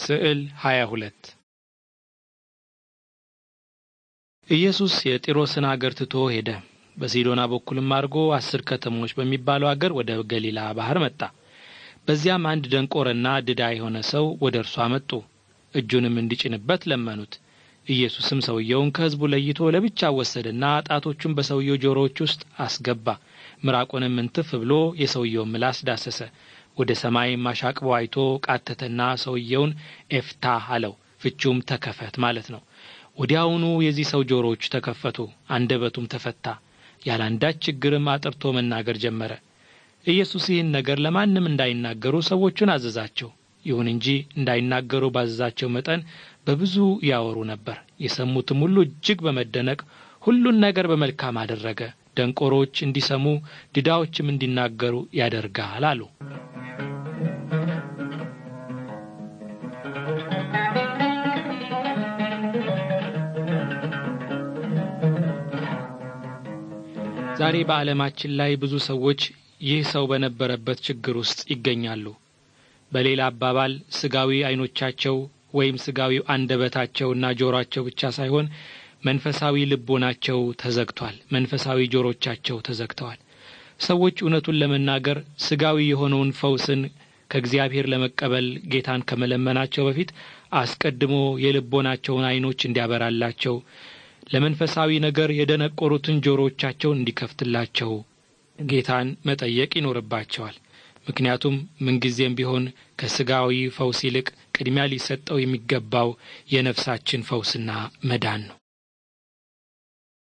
ስዕል 22 ኢየሱስ የጢሮስን አገር ትቶ ሄደ። በሲዶና በኩልም አድርጎ አስር ከተሞች በሚባለው አገር ወደ ገሊላ ባህር መጣ። በዚያም አንድ ደንቆረና ድዳ የሆነ ሰው ወደ እርሱ አመጡ። እጁንም እንዲጭንበት ለመኑት። ኢየሱስም ሰውየውን ከሕዝቡ ለይቶ ለብቻ ወሰደና ጣቶቹን በሰውየው ጆሮዎች ውስጥ አስገባ። ምራቁንም እንትፍ ብሎ የሰውየውን ምላስ ዳሰሰ። ወደ ሰማይም አሻቅቦ አይቶ ቃተተና ሰውየውን ኤፍታህ አለው። ፍቹም ተከፈት ማለት ነው። ወዲያውኑ የዚህ ሰው ጆሮዎች ተከፈቱ፣ አንደበቱም ተፈታ፣ ያለ አንዳች ችግርም አጥርቶ መናገር ጀመረ። ኢየሱስ ይህን ነገር ለማንም እንዳይናገሩ ሰዎቹን አዘዛቸው። ይሁን እንጂ እንዳይናገሩ ባዘዛቸው መጠን በብዙ ያወሩ ነበር። የሰሙትም ሁሉ እጅግ በመደነቅ ሁሉን ነገር በመልካም አደረገ። ደንቆሮች እንዲሰሙ፣ ድዳዎችም እንዲናገሩ ያደርጋል አሉ። ዛሬ በዓለማችን ላይ ብዙ ሰዎች ይህ ሰው በነበረበት ችግር ውስጥ ይገኛሉ። በሌላ አባባል ስጋዊ አይኖቻቸው ወይም ስጋዊ አንደበታቸውና ጆሮአቸው ብቻ ሳይሆን መንፈሳዊ ልቦናቸው ተዘግቷል። መንፈሳዊ ጆሮቻቸው ተዘግተዋል። ሰዎች እውነቱን ለመናገር ስጋዊ የሆነውን ፈውስን ከእግዚአብሔር ለመቀበል ጌታን ከመለመናቸው በፊት አስቀድሞ የልቦናቸውን አይኖች እንዲያበራላቸው ለመንፈሳዊ ነገር የደነቆሩትን ጆሮቻቸውን እንዲከፍትላቸው ጌታን መጠየቅ ይኖርባቸዋል። ምክንያቱም ምንጊዜም ቢሆን ከሥጋዊ ፈውስ ይልቅ ቅድሚያ ሊሰጠው የሚገባው የነፍሳችን ፈውስና መዳን ነው።